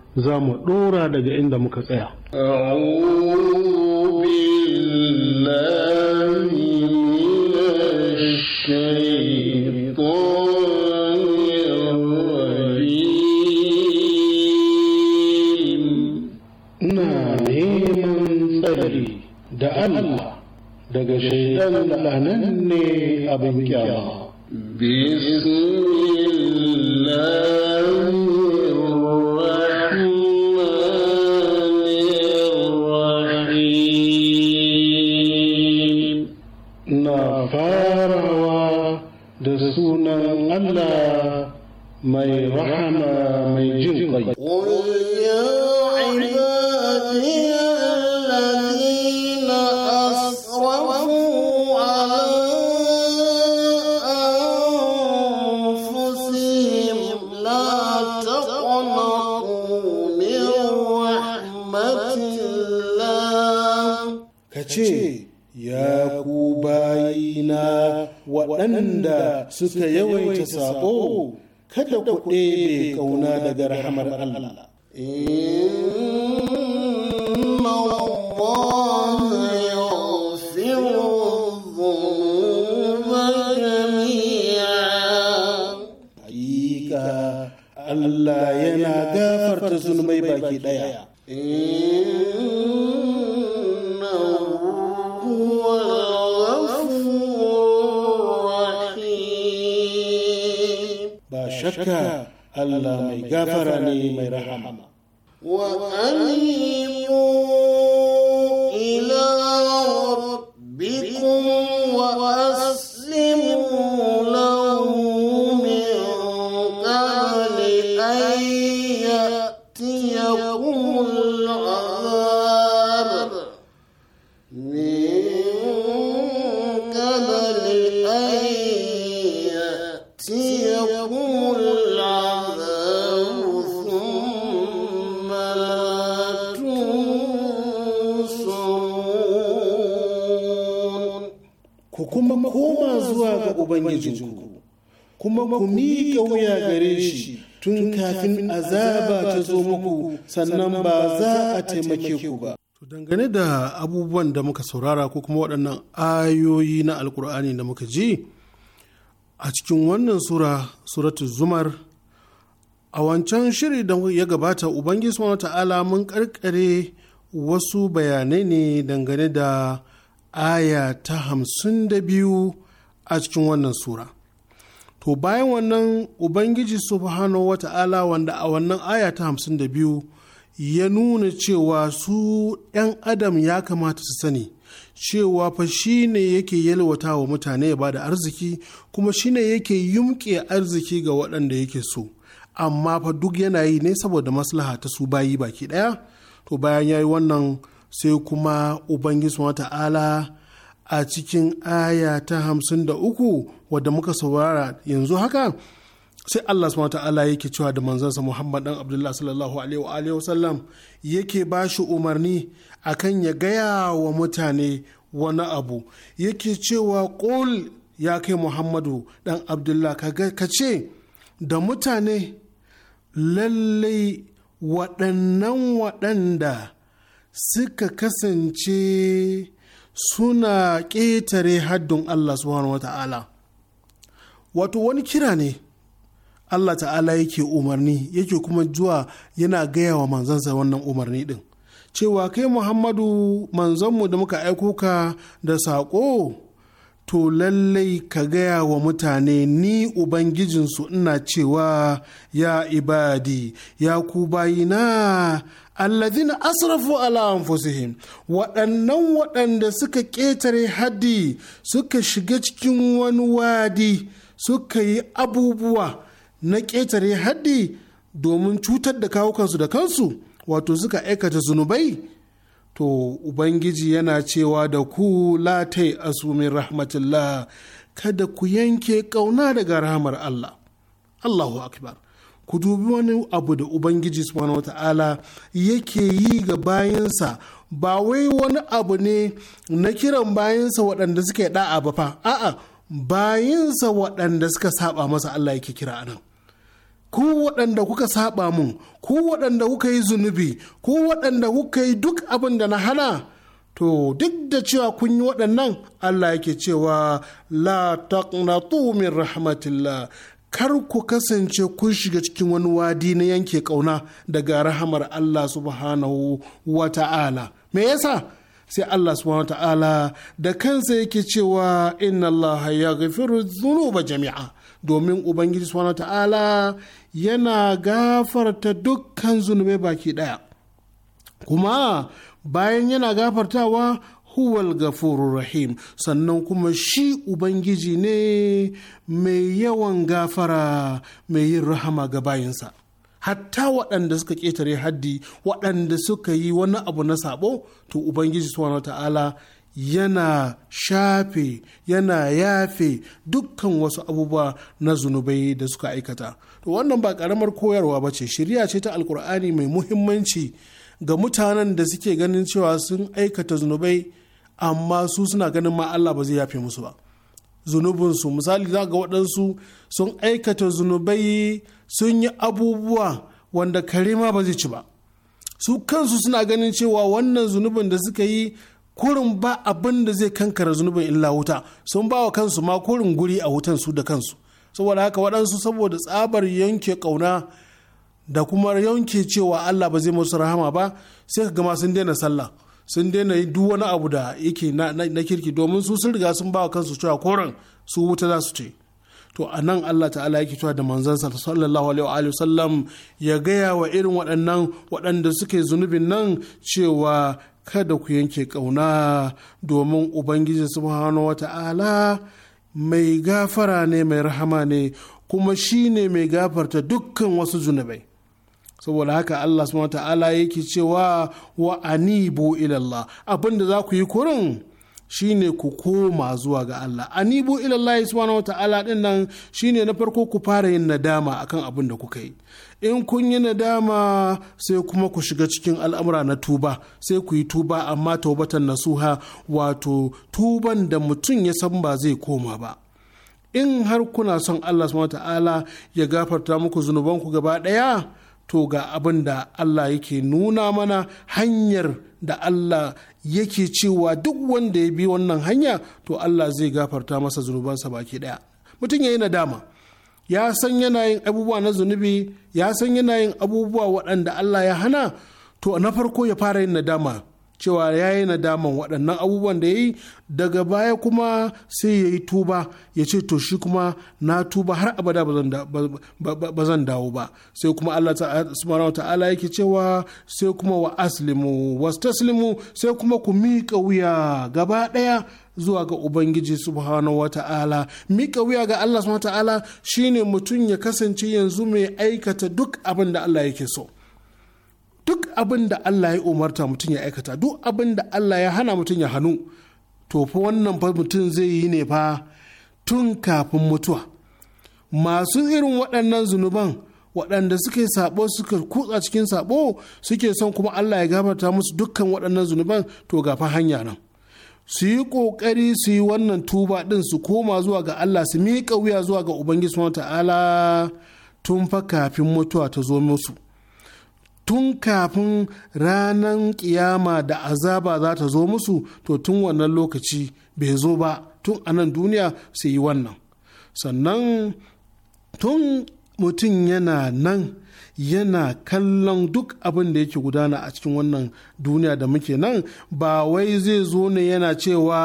za mu ɗora daga inda muka tsaya. Ina neman tsari da Allah daga shaidan lanan ne abin kyama. Bismillah ألا مي رحم مي جنقي suka yawaita sabo kada ku ɗebe kauna daga rahamar Allah. Allah yana gafarta zunubai baki ɗaya. شكا الا ما يغفر لي ما يرحم وانيمو Ubangijinku, kuma ku miƙa wuya gare shi tun kafin azaba ta zo muku sannan ba za a taimake ku ba. To dangane da abubuwan da muka saurara ko kuma waɗannan ayoyi na alkur'ani da muka ji a cikin wannan sura suratu zumar a wancan shiri da ya gabata ubangiji subhanahu ta'ala mun karkare wasu bayanai ne dangane da aya ta hamsin da biyu a cikin wannan sura to bayan wannan ubangiji subhanahu ta'ala wanda a wannan aya ta hamsin da biyu ya nuna cewa su 'yan adam ya kamata su sani cewa fa shi ne yake yalwata wa mutane ya bada arziki kuma shi ne yake yumke arziki ga waɗanda yake so amma fa duk yana yi ne saboda maslaha ta su bayi baki ɗaya to bayan ya yi wannan sai kuma ubangiji subhanahu wata'ala a cikin aya ta hamsin da uku wadda muka saurara yanzu haka sai Allah subhanahu ta'ala yake cewa da manzansa Muhammad dan Abdullahi sallallahu alaihi wa wasallam yake bashi umarni akan ya gaya wa mutane wani abu yake cewa qul ya kai Muhammadu ɗan Abdullahi ka ce da mutane lallai waɗannan waɗanda suka kasance suna ƙetare haddun Allah subhanahu ta'ala wato wani kira ne Allah ta'ala yake umarni yake kuma zuwa yana gaya wa manzansa wannan umarni ɗin? cewa kai Muhammadu manzanmu da muka aiko ka da saƙo to lallai ka gaya wa mutane ni ubangijinsu ina cewa ya ibadi ya ku bayina alladhina asrafu ala anfusihim waɗannan waɗanda suka ƙetare haddi suka shiga cikin wani wadi suka yi abubuwa na ƙetare haddi domin cutar da kawukansu da kansu wato suka aikata zunubai to ubangiji yana cewa da ku latai asumin rahmatullah kada ku yanke ƙauna daga rahamar Allah Allahu akbar ku dubi wani abu da ubangiji subhanahu wata'ala yake yi ga bayansa ba wai wani abu ne na kiran bayansa waɗanda suke da'a ba fa a'a bayansa waɗanda suka saba masa Allah yake kira anan ku waɗanda kuka saba mun ku waɗanda kuka yi zunubi ku waɗanda kuka yi duk abin da na hana to duk da cewa kun yi waɗannan Allah yake cewa la taqnatu min rahmatillah kar ku kasance kun shiga cikin wani wadi na yanke kauna daga rahamar Allah subhanahu wa ta'ala me yasa sai Allah subhanahu wa ta'ala da kansa yake cewa inna Allah ya gafiru zunuba jami'a domin ubangiji subhanahu wa ta'ala yana gafarta dukkan zunubai baki daya kuma bayan yana gafartawa huwal gafurur rahim sannan kuma shi ubangiji ne mai yawan gafara mai yin rahama ga bayinsa hatta waɗanda suka ƙetare haddi waɗanda suka yi wani abu na sabo to ubangiji subhanahu ta'ala yana shafe yana yafe dukkan wasu abubuwa na zunubai da suka aikata to wannan ba ƙaramar koyarwa ba ce shirya ce ta alkur'ani mai muhimmanci ga mutanen da suke ganin cewa sun aikata zunubai amma su suna ganin ma Allah ba zai yafe musu ba zunubinsu misali za ga waɗansu sun aikata zunubai sun yi abubuwa wanda Karima ba zai ci ba su kansu suna ganin cewa wannan zunubin da suka yi kurin ba abin da zai kankara zunubin illa wuta sun ba wa kansu ma kurin guri a wutan su da kansu saboda haka waɗansu saboda tsabar yanke ƙauna da kuma yanke cewa Allah ba zai musu rahama ba sai ka gama sun daina sallah sun daina yi duk wani abu da yake na kirki domin su sun riga sun ba kansu cewa koren su wuta za su ce to a nan Allah ta'ala yake cewa da manzansa sallallahu alaihi wa sallam ya gaya wa irin waɗannan waɗanda suke zunubin nan cewa kada ku yanke ƙauna domin ubangiji subhanahu wa ta'ala mai gafara ne mai rahama ne kuma shi ne mai gafarta dukkan wasu zunubai saboda haka Allah subhanahu ta'ala yake cewa wa anibu ilallah abin da za ku yi kurin shine ku koma zuwa ga Allah anibu ilallah subhanahu ta'ala din nan shine na farko ku fara yin nadama akan abin da kuka yi in kun yi nadama sai kuma ku shiga cikin al'amura na tuba sai ku yi tuba amma taubatan nasuha wato tuban da mutum ya san ba zai koma ba in har kuna son Allah subhanahu ya gafarta muku zunubanku gaba ɗaya to ga abin da Allah yake nuna mana hanyar da Allah yake cewa duk wanda ya bi wannan hanya to Allah zai gafarta masa zunubansa baki daya mutum ya yi nadama ya san yana yin abubuwa na zunubi ya san yana yin abubuwa waɗanda Allah ya hana to na farko ya fara yin nadama cewa ya yi nadaman waɗannan abubuwan da ya yi daga baya kuma sai ya yi tuba ya ce to shi kuma na tuba har abada ba zan dawo ba sai kuma Allah ta'ala yake cewa sai kuma wa aslimu taslimu sai kuma ku miƙa wuya gaba ɗaya zuwa ga Ubangiji subhanahu wa ta'ala. Mika wuya ga Allah subhanahu wa ta'ala shine mutum ya kasance yanzu mai aikata duk abin da Allah yake so. duk abin da Allah ya umarta mutum ya aikata duk abin da Allah ya hana mutum ya hannu to fa wannan fa mutum zai yi ne fa tun kafin mutuwa masu irin waɗannan zunuban waɗanda suke sabo suka kutsa cikin sabo suke son kuma Allah ya gafarta musu dukkan waɗannan zunuban to gafa hanya nan su yi ƙoƙari su yi wannan tuba ɗin su koma zuwa ga Allah su miƙa wuya zuwa ga Ubangiji ta'ala tun fa kafin mutuwa ta zo musu. tun kafin ranar kiyama da azaba za ta zo musu to tun wannan lokaci bai zo ba tun anan duniya su yi wannan sannan tun mutum yana nan yana kallon duk abin da yake gudana a cikin wannan duniya da muke nan ba wai zai zo ne yana cewa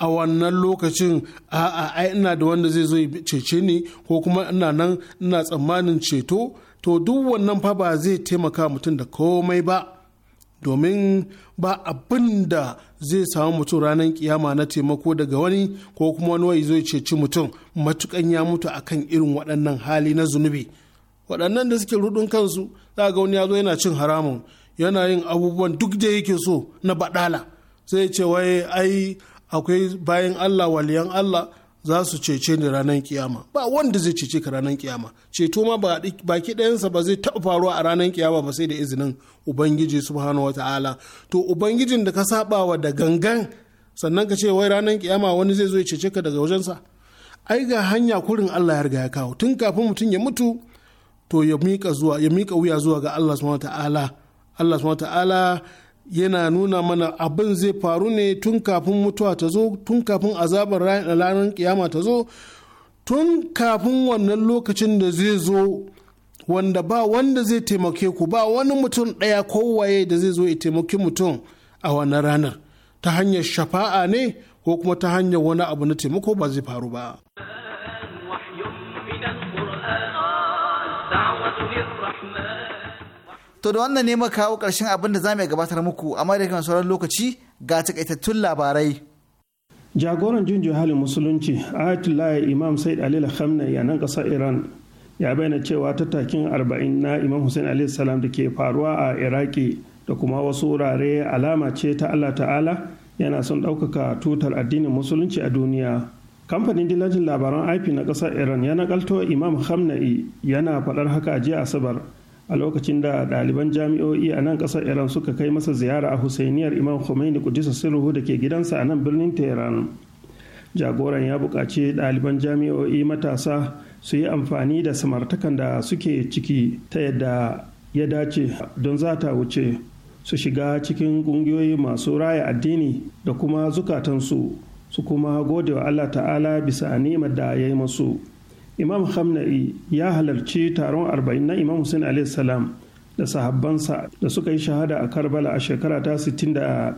a wannan lokacin a'a ai ina da wanda zai zo ya cece ni ko kuma ina nan ina tsammanin ceto to duk wannan fa ba zai taimaka mutum da komai ba domin ba abin da zai samu mutum ranar kiyama na taimako daga wani ko kuma wani wai zai ceci mutum matukan ya mutu akan irin waɗannan hali na zunubi waɗannan da suke rudun kansu za ga wani ya zo yana cin haramun yana yin abubuwan duk da yake so na baɗala sai ce wai ai akwai bayan Allah waliyan Allah za su cece ni ranar kiyama ba wanda zai cece ka ranar kiyama ceto ma baki ɗayansa ba zai taba faruwa a ranar kiyama ba sai da izinin ubangiji subhanahu ta'ala to ubangijin da ka saba wa da gangan sannan ka ce wai ranar kiyama wani zai zo ya cece ka daga wajensa ai ga hanya kurin Allah ya riga ya kawo tun kafin mutum ya mutu to ya mika zuwa ya mika wuya zuwa ga Allah subhanahu ta'ala Allah subhanahu ta'ala yana nuna mana abin zai faru ne tun kafin mutuwa ta zo tun kafin azabar ranar kiyama ta zo tun kafin wannan lokacin da zai zo wanda ba wanda zai taimake ku ba wani mutum ɗaya kowaye da zai zo ya taimaki mutum a wannan ranar ta hanyar shafa'a ne ko kuma ta hanyar wani abu na taimako ba zai faru ba. To da wannan ne ma kawo ƙarshen abin da za mu gabatar muku amma da kan sauran lokaci ga takaitattun labarai. Jagoran junjin halin musulunci Ayatollah Imam Said Ali Khamenei a nan ƙasar Iran ya bayyana cewa tattakin arba'in na Imam Hussein Ali salam da ke faruwa a Iraki da kuma wasu wurare alama ce ta Allah Ta'ala yana son ɗaukaka tutar addinin musulunci a duniya. kamfanin dillacin labaran ip na kasar iran ya nakalto imam hamna'i yana faɗar haka a jiya asabar a lokacin da ɗaliban jami'o'i a nan ƙasar iran suka kai masa ziyara a husainiyar imam khomeini kudisa sulhu da ke gidansa a nan birnin tehran jagoran ya buƙaci ɗaliban jami'o'i matasa su yi amfani da samartakan da suke ciki ta yadda ya dace don za ta wuce su shiga cikin ƙungiyoyi masu raya addini da kuma zukatansu su kuma gode wa allah ta'ala bisa ni'imar da ya yi masu imam hamna'i ya halarci taron arba'in na imam hussein salam da sahabbansa da suka yi shahada a karbala a shekara ta 61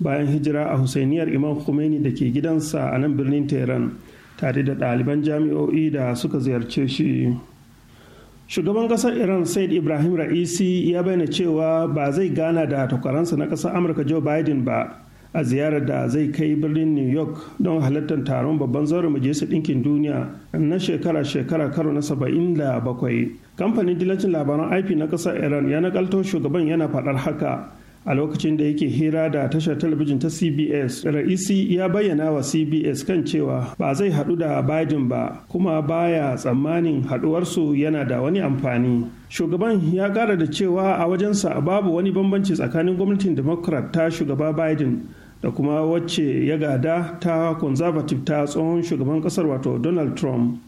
bayan hijira a husainiyar imam khomeini da ke gidansa a nan birnin tehran tare da ɗaliban jami'o'i da suka ziyarce shi shugaban ƙasar iran said ibrahim ra'isi ya bayyana cewa ba zai gana da takwaransa na ƙasar amurka joe biden ba a ziyarar da zai kai birnin new york don halartar taron babban zaurin majalisar ɗinkin duniya na shekara-shekara karo na saba'in da bakwai kamfanin dilancin labaran ip na ƙasar iran ya nakalto shugaban yana faɗar haka a lokacin da yake hira da tashar talabijin ta cbs ra'isi ya bayyana wa cbs kan cewa ba zai haɗu da biden ba kuma baya tsammanin haɗuwarsu yana da wani amfani shugaban ya ƙara da cewa a wajensa babu wani bambanci tsakanin gwamnatin democrat ta shugaba biden da kuma wacce ya gada ta conservative ta tsohon shugaban kasar wato donald trump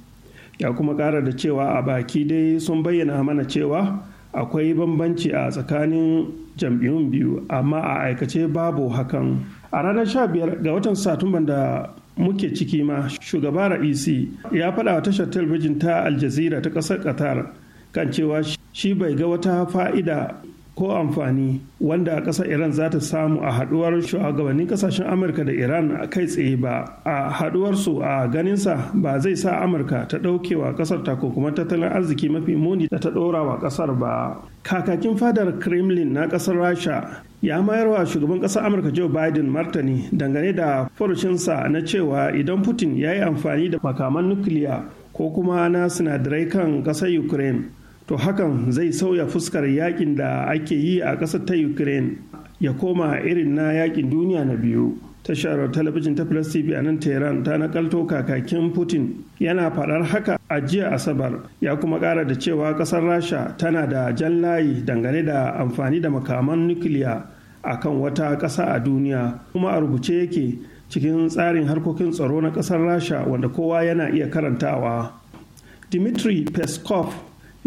ya kuma kara da cewa a baki dai sun bayyana mana cewa akwai bambanci a tsakanin jam'iyyun biyu amma a aikace babu hakan a ranar 15 ga watan satumban da muke ciki ma shugaba ra'isi ya faɗa wa tashar talabijin ta aljazira ta ƙasar qatar kan cewa shi bai ga wata fa'ida ko amfani wanda a ƙasar iran za ta samu a haɗuwar shugabannin ƙasashen amurka da iran a kai tsaye ba a haɗuwarsu a ganinsa ba zai sa amurka ta wa ƙasar kuma tattalin arziki mafi muni da ta ɗora wa ƙasar ba kakakin fadar kremlin na ƙasar rasha ya mayar wa shugaban ƙasar amurka joe biden martani dangane da furucinsa na cewa idan putin ya yi amfani da makaman nukiliya ko kuma na sinadarai kan ƙasar ukraine to hakan zai sauya fuskar yakin da ake yi a ƙasar ta ukraine ya koma irin na yakin duniya na biyu tashar talabijin ta plus tv a nan tehran ta nakalto kakakin putin yana faɗar haka a jiya asabar ya kuma ƙara da cewa ƙasar rasha tana da jan layi dangane da amfani da makaman nukiliya a kan wata ƙasa a duniya kuma a rubuce yake cikin tsarin harkokin tsaro na ƙasar rasha wanda kowa yana iya karantawa dimitri peskov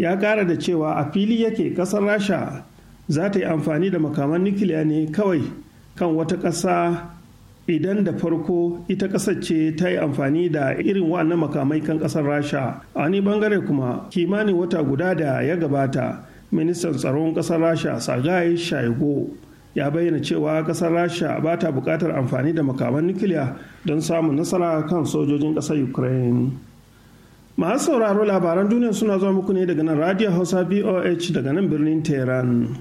ya ƙara da cewa a fili yake ƙasar rasha za ta yi amfani da makaman nukiliya ne kawai kan wata ƙasa idan da farko ita ƙasar ce ta yi amfani da irin wannan makamai kan ƙasar rasha a wani bangare kuma kimanin wata guda da ya gabata ministan tsaron ƙasar rasha sagai shaigo ya bayyana cewa ƙasar rasha ba ta bukatar amfani da makaman nukiliya don samun nasara kan sojojin ƙasar ukraine masu sauraro labaran duniya suna zuwa muku ne daga nan radio hausa boh daga nan birnin tehran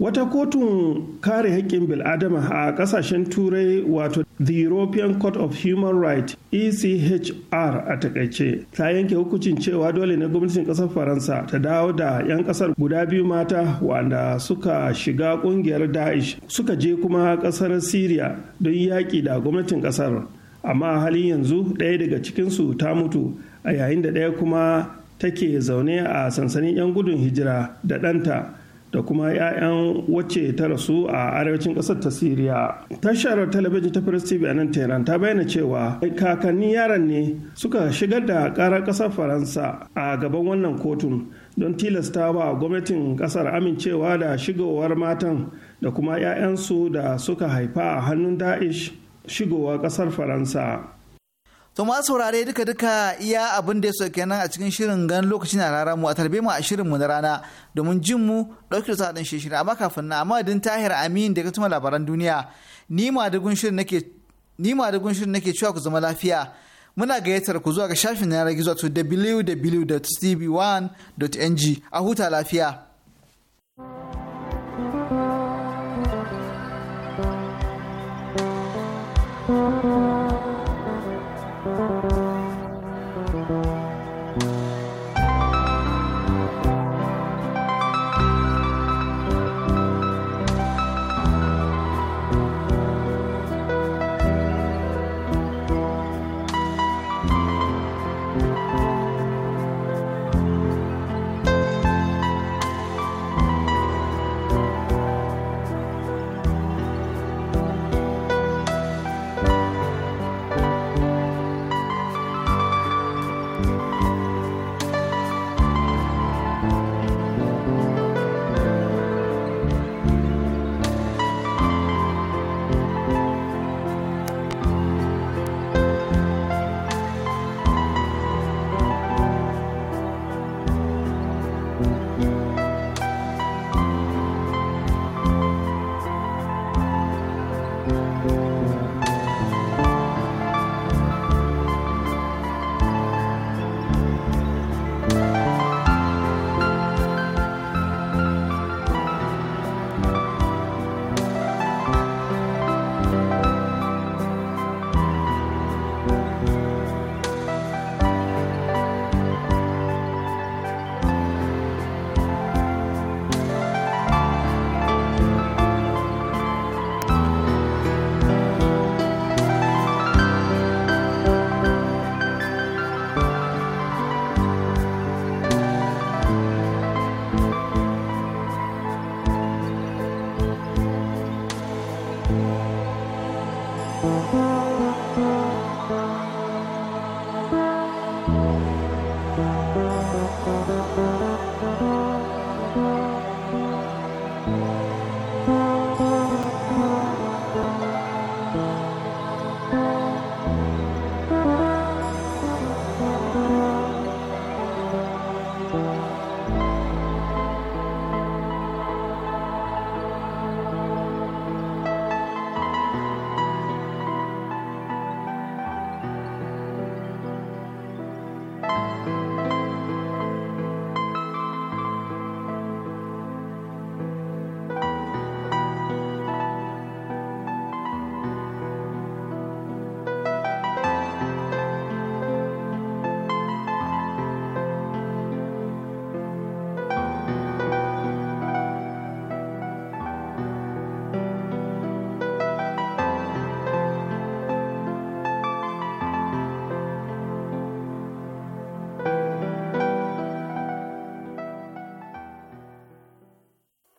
wata kotun kare haƙƙin bil'adama a ƙasashen turai wato the european court of human rights echr a takaice ta yanke hukuncin cewa dole na gwamnatin ƙasar faransa ta dawo da 'yan ƙasar guda biyu mata wanda suka shiga ƙungiyar daesh suka je kuma ƙasar syria don yaƙi da gwamnatin ƙasar amma halin yanzu ɗaya daga cikinsu ta mutu a yayin da ɗaya kuma take zaune a sansanin 'yan gudun hijira da ɗanta da kuma 'ya'yan wacce ta rasu a arewacin ƙasar ta siriya tashar talabijin ta press tv a nan tehran ta bayyana cewa kakannin yaran ne suka shigar da ƙarar ƙasar faransa a gaban wannan kotun don tilasta wa gwamnatin ƙasar amincewa da shigowar matan da kuma 'ya'yansu da suka haifa a hannun da'ish shigowa ƙasar faransa To ma saurare duka duka iya abin da ya so kenan a cikin shirin gan lokaci na rara mu a tarbe mu a shirin mu na rana domin jin mu dauki da sadin shirin amma kafin na amma din tahir amin da ka tuma labaran duniya ni ma da shirin nake ni cewa ku zama lafiya muna gayyatar ku zuwa ga shafin na rage zuwa to www.tv1.ng a huta lafiya.